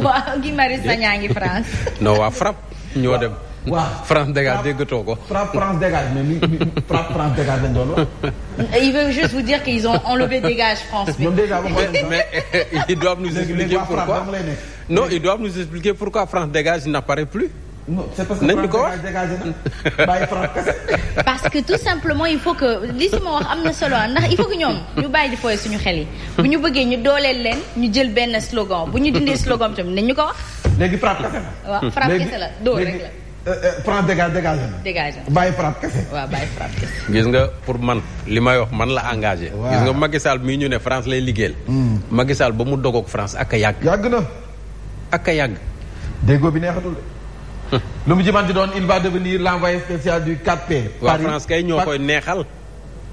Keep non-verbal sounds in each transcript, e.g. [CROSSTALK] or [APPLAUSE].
waaw Guy Marius Sagna ngi France. [LAUGHS] non waa FRAPP ñoo dem. waaw France dégage déggatoo ko. FRAPP France dégage mais mi FRAPP France euh, il veut juste vous dire qu'ils ont enlevé dégage France. mais [LAUGHS] euh, ils doivent nous expliquer pourquoi non ils doivent nous expliquer pourquoi France dégage n'apparaît plus. non c'est parce ko wax bàyyi [LAUGHS] parce que tout simplement il faut que li si ma wax am na solo ndax il faut que ñoom ñu bàyyi di fooy suñu xel yi. bu ñu bëggee ñu dooleel leen ñu jël benn slogan bu ñu dindee slogan tamit nañ ñu ko wax. léegi frappe kese la. waaw frappe kese la doo rek la. Euh, euh, France dégage kese. gis nga pour man li may wax man la engagé. gis nga Macky Sall mii ñu ne France lay liggéeyal. Hmm. Macky Sall ba mu dogoog France ak a yàgg. yàgg na. ak a yàgg. lu mu jëmanti doon il va devenir l'envoyé spécial du 4P. waa France kay ñoo koy neexal.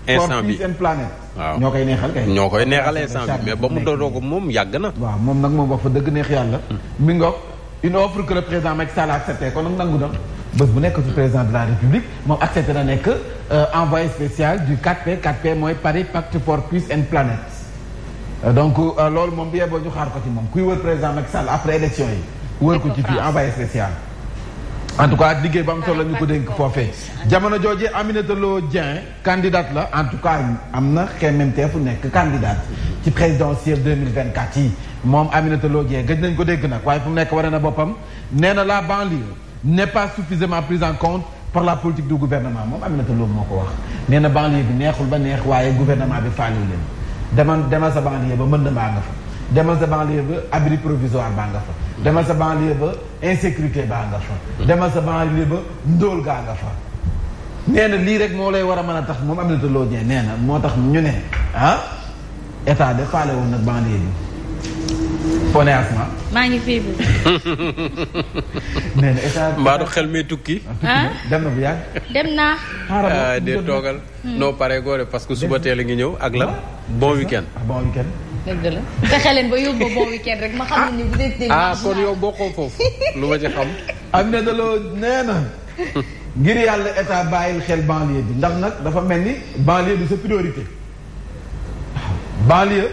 instant bi planète. waaw ñoo koy neexal ñoo koy neexal instant bi mais ba mu doonoo ko moom yàgg na. waaw moom nag moom wax fa dëgg neex yàlla. Hmm. mi ngoog une offre que le président Macky Sall a accepté kon nag nangu na. bés bu nekk ci président de la république moom accepté na nekk euh, envoyé spécial du 4P 4P mooy Paris Pacte for Peace and Planet. Euh, donc euh, loolu moom bi yeboo ñu xaar ko ci moom kuy wër président yi. ko ci fii en tout cas liggéey ba am solo la ñu ko dénk foofee jamono jooje Aminata Lo Dieng candidate la en tout cas am na xemmenteefu nekk candidate ci présidentielle 2024 yi moom Aminata Lo Dieng nañ ko dégg nag waaye fu mu nekk waree na boppam nee na la banlieue n'est pas suffisamment prise en compte par la politique du gouvernement moom Aminata Lo moo ko wax nee na banlieue bi neexul ba neex waaye gouvernement bi faaliwu leen demal demal sa banlieue ba mën na maa nga demal sa banlieue ba abri provisoire baa nga fa demal sa banlieue ba insécurité baa nga fa demal sa banlieue ba ndóol gaa nga fa nee lii rek moo lay war a mën a tax moom Aminata Lô nee na moo tax ñu ne ah état de faale woon nag banlieue [LAUGHS] xel mi tukki ah, ah? dem na bu yàgg dem naa xaaral ah, de toogal hmm. noo pare goore parce que suba teel a ngi ñëw ak la bon week bon week dëgg la fexe leen ba yóbbu bon weekend rek ma xam ne bu dee. Ah, ah kon yow bokkoo foofu lu ma ci xam. am na daloo nee na. ngir yàlla état bàyyil xel banlieue bi ndax nag dafa mel ni banlieue du sa priorité waaw ah, banlieue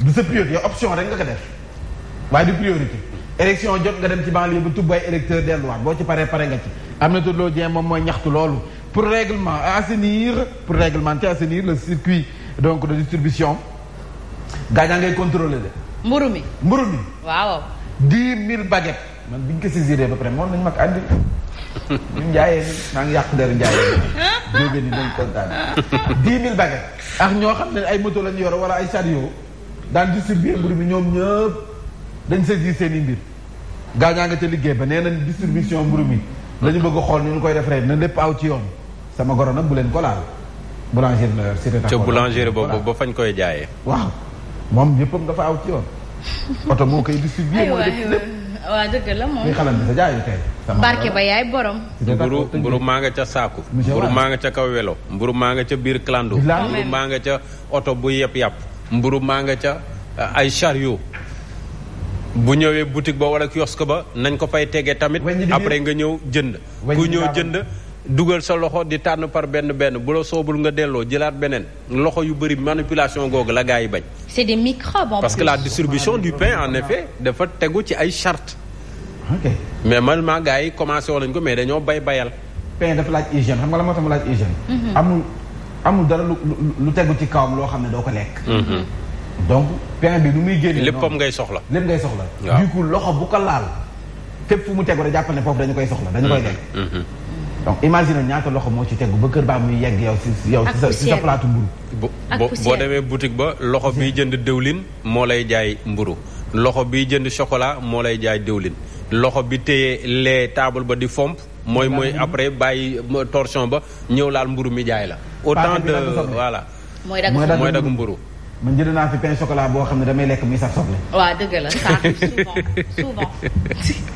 du sa priorité option rek nga ko def waaye du priorité. élection jot nga dem ci banlieue ba bay électeur delluwaat boo ci paree pare nga ci. am na daloo jéem moom mooy ñaxtu loolu pour règlement assainir pour réglementer assainir le circuit de distribution. gaañaa ngay contrôler de. mburu mi mburu mi. waaw. dix mille baguettes. man biñ ko saisiré ba pare moom nañ ma ko andi. ñun njaayee ni maa ngi yàq der njaayee ni jóge ni nañ kontaan dix mille baguettes ak ñoo xam ne ay moto lañ yor wala ay chariot daan distribuer mburu mi ñoom ñëpp dañ saisir seen i mbir gaañaa nga ca liggéey ba nee nañ distribution mburu mi la ñu bëgg xool ñu koy def rek na lépp aw ci yoon sama goro nag bu leen ko laal boulangerie la yor cité ca boulangerie boobu ba fañ koy jaayee waaw moom yëppam dafa aw ci [LAUGHS] barke ba yaay borom mburu maa nga ca saaku mburu maa nga ca kaw welo mburu maa nga ca biir clando mburu maa nga ca oto bu yëpp yàpp mburu maa nga ca uh, ay chariot bu ñëwee boutique ba wala ko ba nañ ko fay tegee tamit après nga ñëw jënd ku ñëw jënd dugal sa loxo di tànn par benn benn bu la soobul nga delloo jëlaat beneen loxo yu bëri manipulation googu la gars yi bañ. c'est des parce que la distribution du pain en effet dafa tegu ci ay charte mais man maa gars yi commencé woon nañ ko mais dañoo bay bayal. pain dafa laaj hygiène xam nga la laaj hygiène. Mhm. amul amul dara lu lu tegu ci kawam loo xam ne doo ko lekk. Mhm. donc pain bi nu muy génnee. léppam ngay soxla lépp ngay soxla. du coup loxo bu ko laal képp fu mu tegu rek jàppal ne foofu dañu koy soxla dañu koy lekk. Mhm. donc imagine ñaata loxo moo ci tegu ba kër baa muy yegg yow si yow sa si mburu boo demee boutique ba loxo biy jënd dëwlin moo lay jaay mburu loxo biy jënd chocolat moo lay jaay dëwlin loxo bi te lee taabal ba di fomp mooy mooy après bàyyi torchon ba ñëw laal mburu mi jaay la autant de voilà mooy dagg mburu man jënd naa fi pain chocolat boo xam ne damay lekk muy sax soble waaw dëgg la souvent [LAUGHS] souvent [LAUGHS]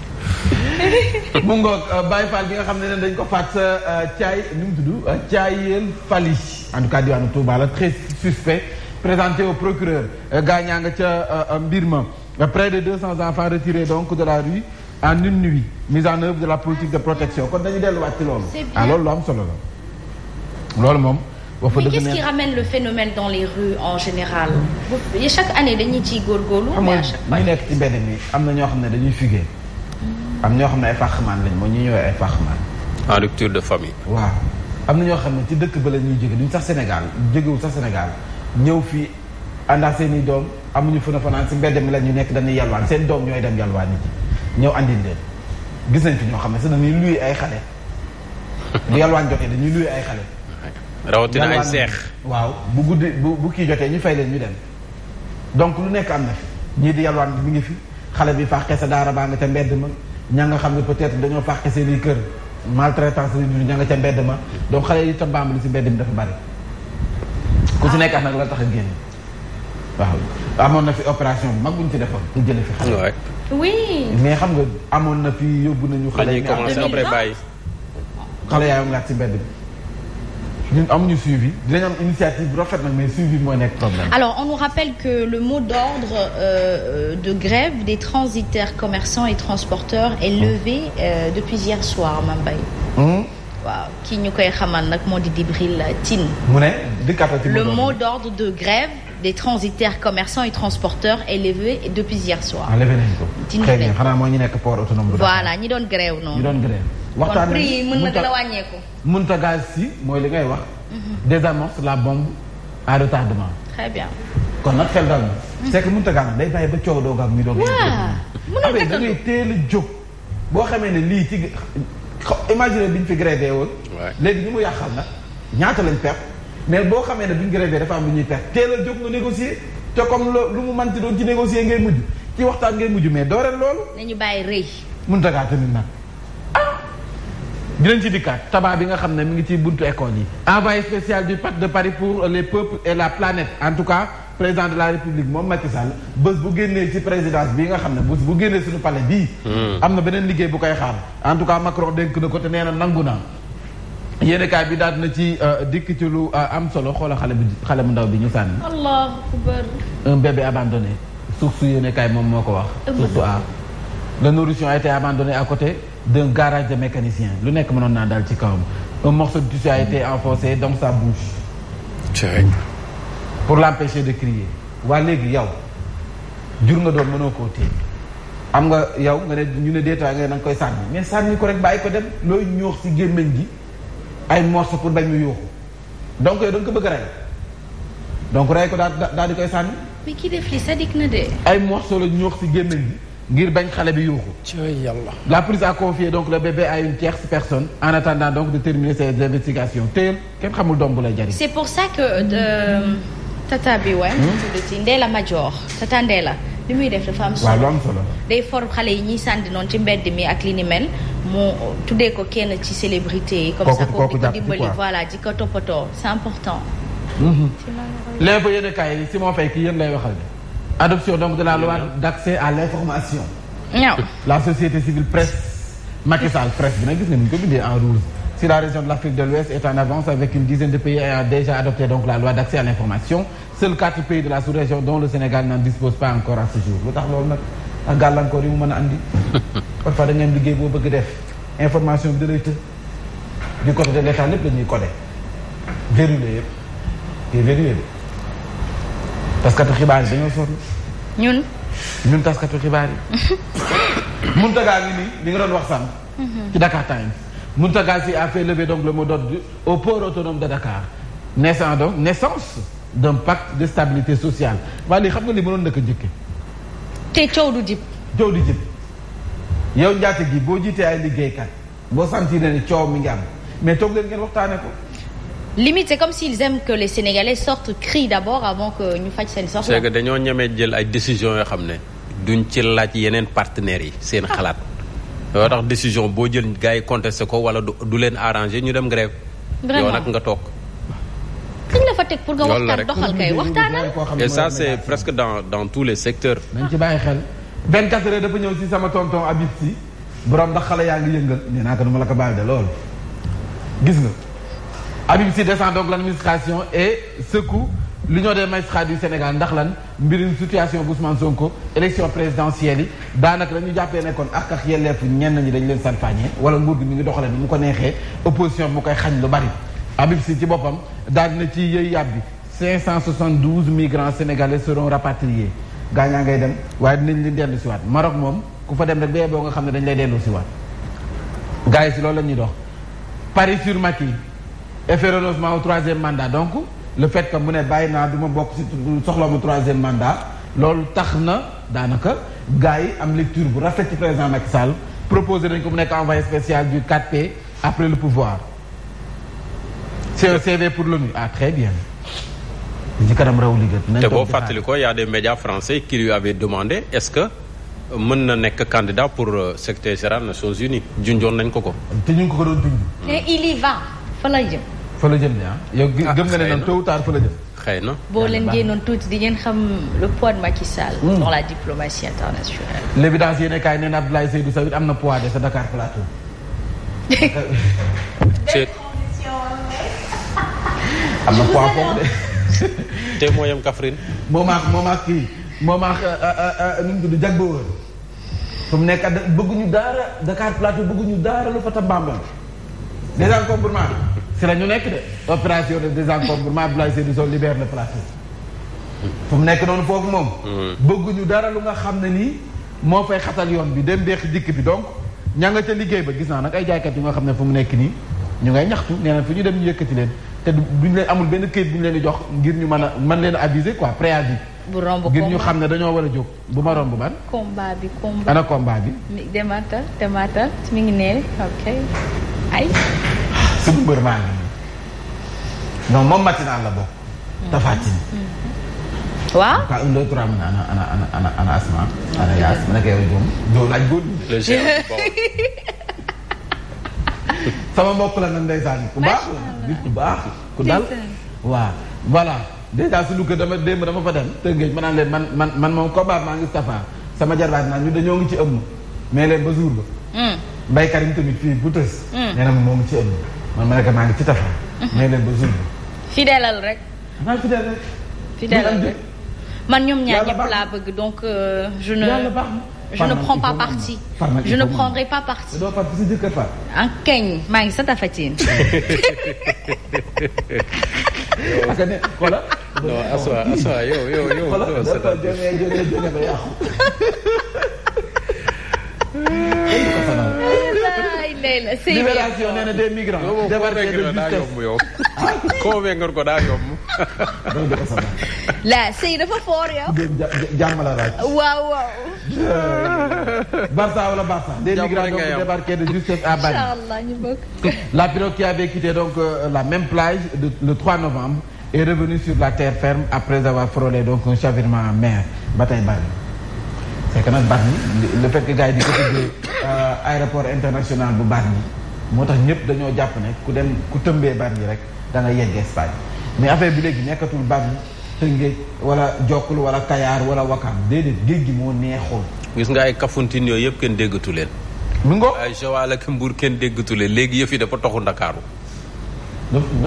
mu ngoog euh, Baye Fall bi nga xam ne dañ ko fat sa euh, Thiaye nu mu tudd euh, Thiayel Fally en tout cas diwaanu Touba la très suspect présenté au procureur gaañaa nga ca mbir ma près de 200 enfants retirés donc de la rue en une nuit mise en œuvre de la politique de protection kon dañu delluwaat ci loolu. ah loolu am solo la loolu moom. wax fa dëgg mais qu'est-ce ramène le phénomène dans les rues en général. chaque année dañuy ciy góorgóorlu. mais à chaque ñu nekk ci mbedd mi am na ñoo xam ne dañuy fugué. am ñoo xam ne ay faxmaan lañ mooy ñu ñëwee ay faxmaan. en rupture de famille. waaw am na ñoo xam ne ci dëkk ba la ñuy jóge duñ sax Sénégal jógewul sax Sénégal ñëw fii àndaa seen i doom amuñu fu na fanaan si mbedd mi la ñu nekk dañuy yalwaan seen doom ñooy dem yalwaan yi ñëw andil leen gis nañ fi ñoo xam ne sax dañuy luy ay xale. [LAUGHS] bu yalwaan joxee dañuy luy ay xale. rawatina ay seex waaw bu guddi bu bu kii jotee ñu fay leen ñu dem donc lu nekk am na fi ñii di yalwaan bi mi ngi fi xale bi faaxee sa daara baa nga te ma ña nga xam ne peut-être dañoo fàqe seen kër maltraitance seen i ña nga ca mbedd ma doo xale yi itam bambali si mbedd mi dafa bari ku si nekk nag la tax a génn waaw amoon na fi opération bu mag bu ñu fi defoon pour jële fi xale oui mais xam nga amoon na fi yóbbu nañu xale yi commencé après bàyyi xale yaayam ngaat si mbedd bi ñun amuñu suivi dinañ am initiative bu rafet nag mais suivi mooy nekk problème. alors on nous le mot d'ordre euh, de grève des transitaires commerçants et transporteurs est levé euh, depuis hier soir Mame Mbaye. waaw kii ñu koy xamal nag moo di Djibril Tine. mu ne le mot d'ordre de grève des transitaires commerçants et transporteurs est levé depuis hier soir. ah levé nañu ko. Tine xanaa moo ñu nekk port autonome. voilà ñi doon grève noonu. ñi doon grève. waxtaan prix yi mën na gën a wàññeeku. Mountaga Sy mooy li ngay wax. Mhm. désamorce la bombe à retardement. très bien. kon nag xel daal mhm. c' est que Mountaga nag day bàyyi ba coow doo ak ñu doo waaw mën da ngay teel boo xamee ne lii ci xaw imaginer bi ñu fi grévé woon. léegi ñu mu yàqal nag ñaata lañ perte. mais boo xamee ne bi dafa am lu ñuy perte teel jóg nga négocier te comme lu mu manti doon ci négocier ngay mujj ci waxtaan ngay mujj mais dooreel loolu. nañu bàyyi rëy. Mountaga tamit nag. dinañ ci dikkaat tabac bi nga xam ne mi ngi ci buntu école yi. envoyé spécial du pacte de Paris pour les peuples et la planète en tout cas président de la république moom Macky Sall bés bu génnee ci présidence bi nga xam ne bés bu génnee suñu palais bi hmm. am na beneen liggéey bu koy xaar. en tout cas Macron dénk na ko te nee na nangu naa. yéenekaay bi daal na ci euh, dikk ci lu euh, am solo xoola xale bi xale bu ndaw bi ñu sànni. allahu akbar. un bébé abandonné. suuf su yéenekaay moom moo ko wax. a le nourrisson a été abandonné à côté. de garage de mécanicien lu nekk mënoon naa daal ci kawam un morceau de tissu a été enfoncé dans sa bouche. pour l'empêcher de crier waa léegi yow jur nga doon mënoo koo téye am nga yow nga ne ñu ne déetaay nga ne da koy sànni mais sànni ko rek bàyyi ko dem looy ñoox si gémmiñ gi ay morceau pour bañ mu yooxu donc yow da ko bëgg a rey donc rey ko daal daal di koy sànni. mais ki def li sadik na de. ay morceau la ñoox si gémmiñ gi. ngir bañ xale bi yuuxu yàlla la police a confié donc le bébé à une tierce personne en attendant donc de terminer ses investigations téyel kenn xamul doom bu lay jariñ c'est pour ça que euh, tata bi waay tuddati hmm? Ndella Madior tata Ndella li muy def dafa am solo day for xale yi ñuy sànni noonu ci mbedd mi ak li ni mel mu tuddee ko kenn ci célébrité yi comme ça ko di ko dimbali voilà di ko toppatoo c'est important l'info yéen a kaay Simon Faye ki lay waxal adoption donc de la loi d'accès à l'information ñaaw la société civile presse Macky Sall presse gis ne mu ko bindee en rouge si la région de l'Afrique de l'Ouest est en avance avec une dizaine de pays ayant déjà adopté donc la loi d'accès à l'information seuls quatre pays de la sous-région dont le Sénégal n'en dispose pas encore à ce jour lu tax loolu nag ak gàllankoor yi mu mën a andi [LAUGHS] parfois da ngeen liggéey boo bëgg def information bi da lay të du côté de l'État lépp la ñuy codé verrouillé yëpp te verrouillé taskatu xibaar yi dañoo sonn. ñun. ñun taskatu xibaar yi. [LAUGHS] Mountaga ngi nii li nga doon wax sànq. Mhm. ci Dakar Times Mountaga Sy a fait lever donc le mot d'ordre au port autonome de Dakar naissant donc naissance d'un pacte de stabilité sociale waaye lii xam nga li mënoon na ko njëkkee. te coow du jib. coow du jib yow njaate gi boo jiitee ay liggéeykat boo sentir ne coow mi ngi am mais toog leen ngeen waxtaanee ko. limite c'est comme s'ils aiment que les Sénégalais sortent crient d'abord avant que ñu faj seen soxla. c'est dañoo ñemee jël ay décisions yoo xam ne duñ ci laaj yeneen partenaires yi seen ah. xalaat. yoo tax décision boo jël gars yi contesté ko wala du leen arrangé ñu dem nga vraiment yow nag nga toog. ki la fa teg pour nga waxtaan doxal kay waxtaanal. et ça c'est presque dans dans tous les secteurs. nañ ci bàyyi xel. 24 heures dafa ñëw ci sama tonton Habib si borom ndax xale yaa ngi yëngal nee naa ko duma la ko bàyyi de loolu nga. Habib Sy descend donc l'administration et secoue l'union des magistrats du Sénégal ndax lan mbirum situation bu Ousmane Sonko élection présidentielle yi daanaka dañu jàppee ne kon ak ak yelleef ñenn ñi dañu leen salfaañee wala nguur gi mi ngi doxalee ni mu ko neexee opposition mu koy xañ lu bari. Habib ci boppam daal na ci yëy yàb bi 572 migrants sénégalais seront rapatriés gaa ñaa ngay dem waaye dinañ leen dellu siwaat Maroc moom ku fa dem rek ba yeboo nga xam ne dañ lay dellu siwaat gars yi si loolu la ñuy dox Paris sur Maquis effet renoncement au troisième mandat donc le fait que mu ne bàyyi naa du ma bokk soxla mu troisième mandat loolu tax na daanaka gars yi am lecture bu rafet ci président Sall proposé nañ ko mu nekk envoyé spécial du 4P après le pouvoir c'est un CV pour l'ONU ah très bien ñi kanam raw liggéey te boo fàttali ko y a des médias français qui lui avaient demandé est-ce que mën na nekk candidat pour euh, secrétaire général Nations Unies junjoon nañ ko ko te ñu ko ko doon fa la jëm ni ah. ah, yow gëm nga ne noonu tôt fa la jëm. xëy na boo leen génnoon tuuti di ngeen xam le poids de hmm. dans la diplomatie internationale. l' évidence yéen a kaay nee na Abdoulaye Seydou am na poids de sa Dakar Plateau. [LAUGHS] am na poids foofu de. te moo yem Kaffrine. moo maax moo maax kii moo maax euh, euh, euh, nu mu tudd Jagboor. fu mu nekk bëgguñu daara Dakar Plateau bëgguñu daara lu fa ta mbambam. désencombrement bi. si la ñu nekk de opération de ma Abdoulaye Seydou Sow libère le plateau. fu mu nekk noonu foofu moom. Hmm. bëgguñu dara lu nga xam ne nii moo fay xatal yoon bi dem beex dikk bi donc ña nga ca liggéey ba gis naa nag ay jaaykat yu nga xam ne fu mu nekk nii ñu ngay ñaxtu nee na fu ñu dem ñu yëkkati leen te ñu leen amul benn këyit bu ñu leen di jox ngir ñu mën a mën leen aviser quoi préavis. bu romb combat ngir ñu xam ne dañoo war a jóg bu ma romb ban. combat bi combat ana combat bi. demaatal demaatal mi ngi nee ok suñu mbër maa ngi moom matinal la bokk. tafatin. waaw ka un deux trois mu [LAUGHS] sama mbokk la nag ndeysaan ku baax la nit ku baax ku dal waaw voilà déjà suñu kër dama démb dama fa dem tëngeej ma naan leen man man man moom combat maa ngi Tafa sama jarbaat naa ñu dañoo ngi ci ëmm mais leen ba jour ba hmm. baykat yi tamit fii bu tës hmm. nee moom ci ëmm man ma nekk maa ngi ci tafa. Mhm. may leen ba jour bi. fidèlal rek. maa ngi fidèle rek. fidèlal rek man ñoom ñaar ñëpp laa bëgg donc euh, je ne. je ne prends pas parti. je ne prendrai pas parti. doo parti si jëkkër fa. en keñ maa ngi sa tafatiin. [LAUGHS] parce que ne voilà. non aswa aswa yow yow yow. voilà [LAUGHS] nee na sëy des migrants. débarqués de justesse yow convaincre ko yomb. la sëy dafa foor yow. jàmm la laaj. waaw waaw. Barça wala Barça. des migrants donc de justesse à Bali. Inch'Allah ñu bokk. la pirogue qui avait donc la même plage le novembre est revenue sur la terre ferme après avoir frôlé donc un chavirement en mer ba tey c'est que nag Bargny le fait gaa gars yi di ko tuddee euh, aéroport international bu Bargny moo tax ñëpp dañoo jàpp ne ku dem ku tëmbee Bargny rek da nga yegg mais affaire bi léegi nekkatul Bargny Tëngéej wala Jokkul wala Kayaar wala Wakam déedéet géej gi moo neexoon. gis nga ay Kafountine yooyu yëpp kenn déggatu leen. mi ngo ay Joal ak Mbuur kenn déggatu leen léegi yëf yi dafa toxu Ndakaaru.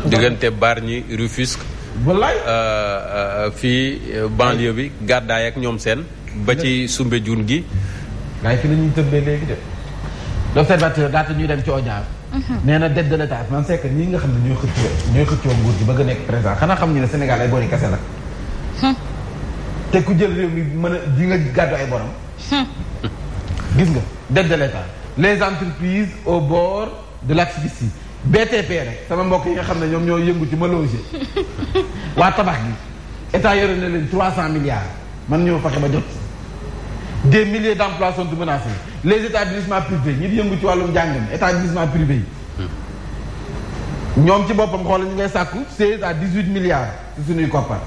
diggante Bargny Rufisque. wallaay euh, euh, fii banlieue bi gàddaay ak ñoom seen. ba ci Soumbédioune gi. waaye fi la ñuy tëbbee léegi de l'observateur daata ñuy dem ci Oñaar. Mhm. nee na dette de l'état man c'est que ñi nga xam ne ñooy xëccoo ñooy xëccoo nguur gi bëgg a nekk président xanaa xam ñu ne Sénégal ay bori kese la. Hmm. te ku jël réew mi mën a di nga gàddu ay borom. Hmm. gis nga dette de l'état les entreprises au bord de l'asphyxie BTP rek sama mbokk yi nga xam ne ñoom ñoo yëngu ci ma loger [LAUGHS] waa tabax gi état yore na leen trois cent milliards man ñoo fexe ba des milliers d' emplois sont menacés les établissements privés ñi di yëngu ci wàllum njàng mi établissement privé yi ñoom ci boppam xoolal ñu ngay sàkku seize à dix huit milliards ci suñuy koppar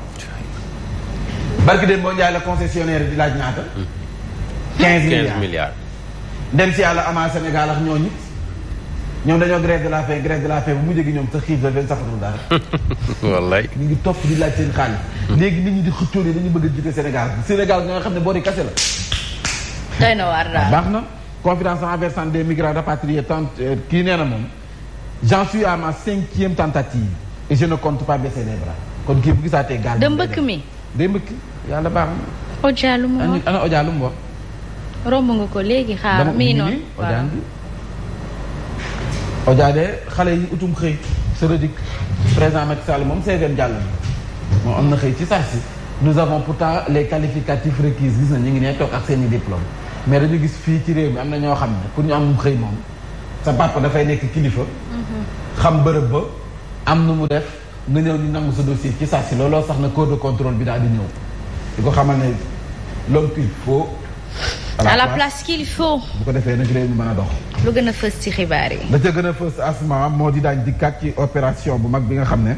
barki dem boo concessionnaire di laaj ñaata quinze milliards dem si yàlla ama Sénégal ak ñooñu ñoom dañoo grève de la faim grève de la faim bu mujj gi ñoom sa xiif la benn safatu dara [LAUGHS] wallaay ñu ngi topp di laaj seen xaalis léegi nit ñi di xëccoo dañu bëgg a jiite Sénégal Sénégal nga xam ne boori kase la doy na baax na confidence envers des migrants rapatriés tant euh, kii nee na moom j'en suis à ma cinquième tentative et je ne compte pas baisser les kon kii bu gisaatee gaal da mbëkk mi day mbëkk yàlla baax na Odia wax romb nga ko léegi xaar mii noonu Odia bi Odia de xale yi utum xëy sa rëdik président Macky Sall moom CVM jàll na am na xëy ci saa si nous avons pourtant les qualificatifs requis gis na ñu ngi ne toog ak seen i mais dañu gis fii ci réew mi am na ñoo xam ne pour ñu am mu xëy moom sa papa dafay nekk kilifa. xam bërëb ba am nu mu def nga ñëw ñu nangu sa dossier ci saa si looloo sax na corps de contrôle bi daal di ñëw di ko xamal ne l'homme qu'il faut. à la place qu'il bu ko defee nag réew mi mën a dox. lu gën a fës ci xibaar yi. da ca gën a fës asma moo di daañ dikkaat ci opération bu mag bi nga xam ne.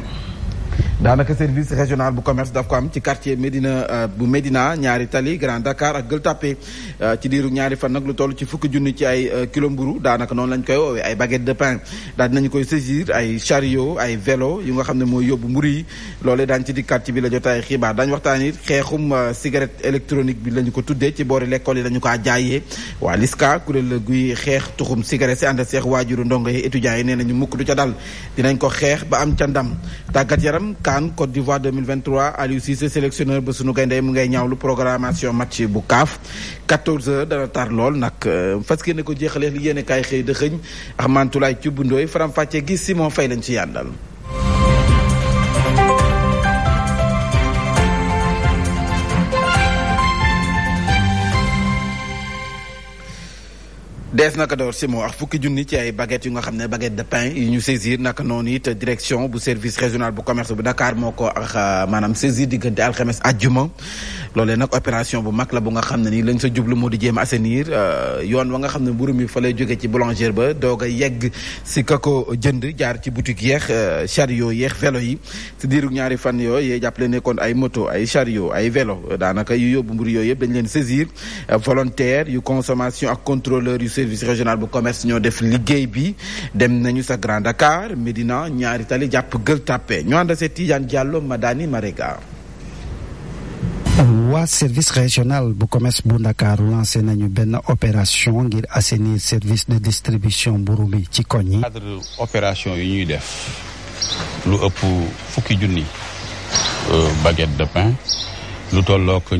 daanaka service régional bu commerce daf ko am ci quartier Médina euh, bu Médina ñaari tali Grand Dakar ak Gueule Tapée euh, ci diiru ñaari fan nag lu toll ci fukki junni ci ay euh, kilo mburu daanaka noonu lañ koy woowee ay baguette de pain daal dinañu koy saisir ay chariot ay vélo yu nga xam ne mooy yóbbu mburu yi loolee daan ci di quartier bi la jot ay xibaar daañu waxtaan it xeexum cigarette électronique bi lañu ko tuddee ci boori lekkool yi lañu ko jaayee waa LISCA kuréel la guy xeex tuxum cigarette si ànd seex waajuru ndongo yi étudiants yi nee nañu mukk du ca dal dinañ ko xeex ba am ca ndam tàggat yaram CAN Côte d'Ivoire 2023 Aliou Cissé sélectionneur ba sunu gayndee mu ngay ñaawlu programmation match bu CAF 14h dana tar lool nag euh, fas ne ko jeexalee li yéene kaay xëy dëxëñ Ahmad Toulaye ci bundooy faram fàccee gis si Simon Faye lañ ci yàndal des naka door Simon ak fukki junni ci ay baguettes yu nga xam ne baguette de pain yi ñu saisir naka noonu it direction bu service régional bu commerce bu Dakar moo ko ak euh, maanaam saisir diggante alxames àjjuma loolee nag opération bu mag la bu nga xam ne nii lañ sa jublu moo di jéem assainir euh, yoon wa nga xam ne mburu mi fa lay jóge ci boulanger ba doog a yegg si ka ko jënd jaar ci boutique yeex euh, chariot yeex vélo yi si diiru ñaari fan yooyu yee jàppale nekkoon ay moto ay chariot ay vélo daanaka yu yóbbu mburu yooyu yëpp leen saisir volontaire yu yu service régional bu commerce ñoo def liggéey bi dem nañu sa Grand Dakar Médina tali jàpp Gueule Tapée ñu ànd seet Tidiane Diallo Madani waa service régional bu commerce bu ndakaaru lancé nañu benn opération ngir assainir service de distribution mburu mi ci koñ yi cadre opération yu ñuy def lu ëpp junni euh, baguette de pain lu tollook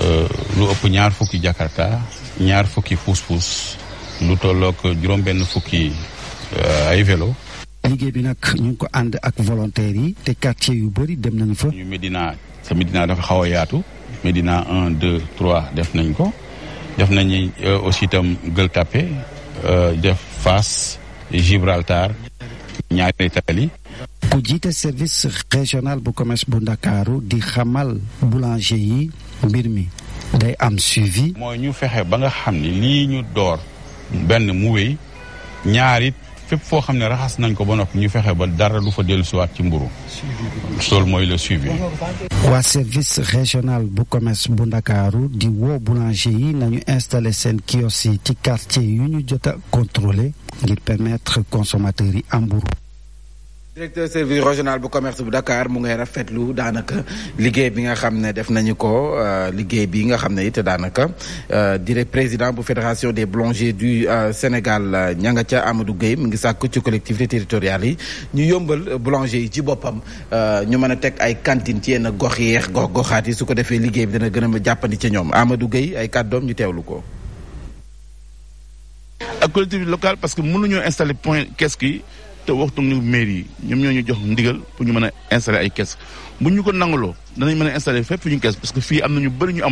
euh, ëpp ñaar fukki jakarta ñaar fukki puus-puus lu tolloog juróom-benn fukki euh, ay velo liggéey bi nag ñu ngi ko ànd ak volontaires yi te quartier yu bëri dem nañu fa. ñu Medina sa Medina dafa xaw a yaatu Medina un deux trois def nañ ko def nañu euh, aussi itam Gueule Tapée euh, def Fass Gibraltar ñaari tali. ku jiite service régional bu commerce bu Ndakaaru di xamal boulanger yi mbir mi. day am suivi. mooy ñu fexe ba nga xam ni lii ñu door benn mu wéy ñaar it fépp foo xam ne raxas nañ ko ba noppi ñu fexe ba dara lu fa dellusiwaat ci mburu loolu mooy le suivi. waa service régional bu commerce bu ndakaaru di woo boulanger yi nañu installé seen kiosque yi ci quartier yu ñu jot a contrôlé ngir permettre consommateurs yi am mburu directeur service régional bu commerce bu Dakar mu ngay rafetlu daanaka liggéey bi nga xam ne def nañu ko euh, liggéey bi nga xam ne it daanaka euh, dire président bu fédération des boulangers du euh, Sénégal ña nga ca Amadou Gueye mu ngi sàkk ci collectivité territoriale yi ñu yombal boulanger yi ci boppam ñu mën a teg ay cantine ci yenn gox yeex gox goxaat yi su ko defee liggéey bi dana gën a jàppandi ca ñoom Amadou Gueye ay kàddoom ñu teewlu ko. ak te waxtu ni mairie ñoom ñoo ñu jox ndigal pour ñu mën a installer ay kees bu ñu ko nangaloo danañ mën a installer fépp fi ñu kees parce que fii am na ñu bëri ñu am.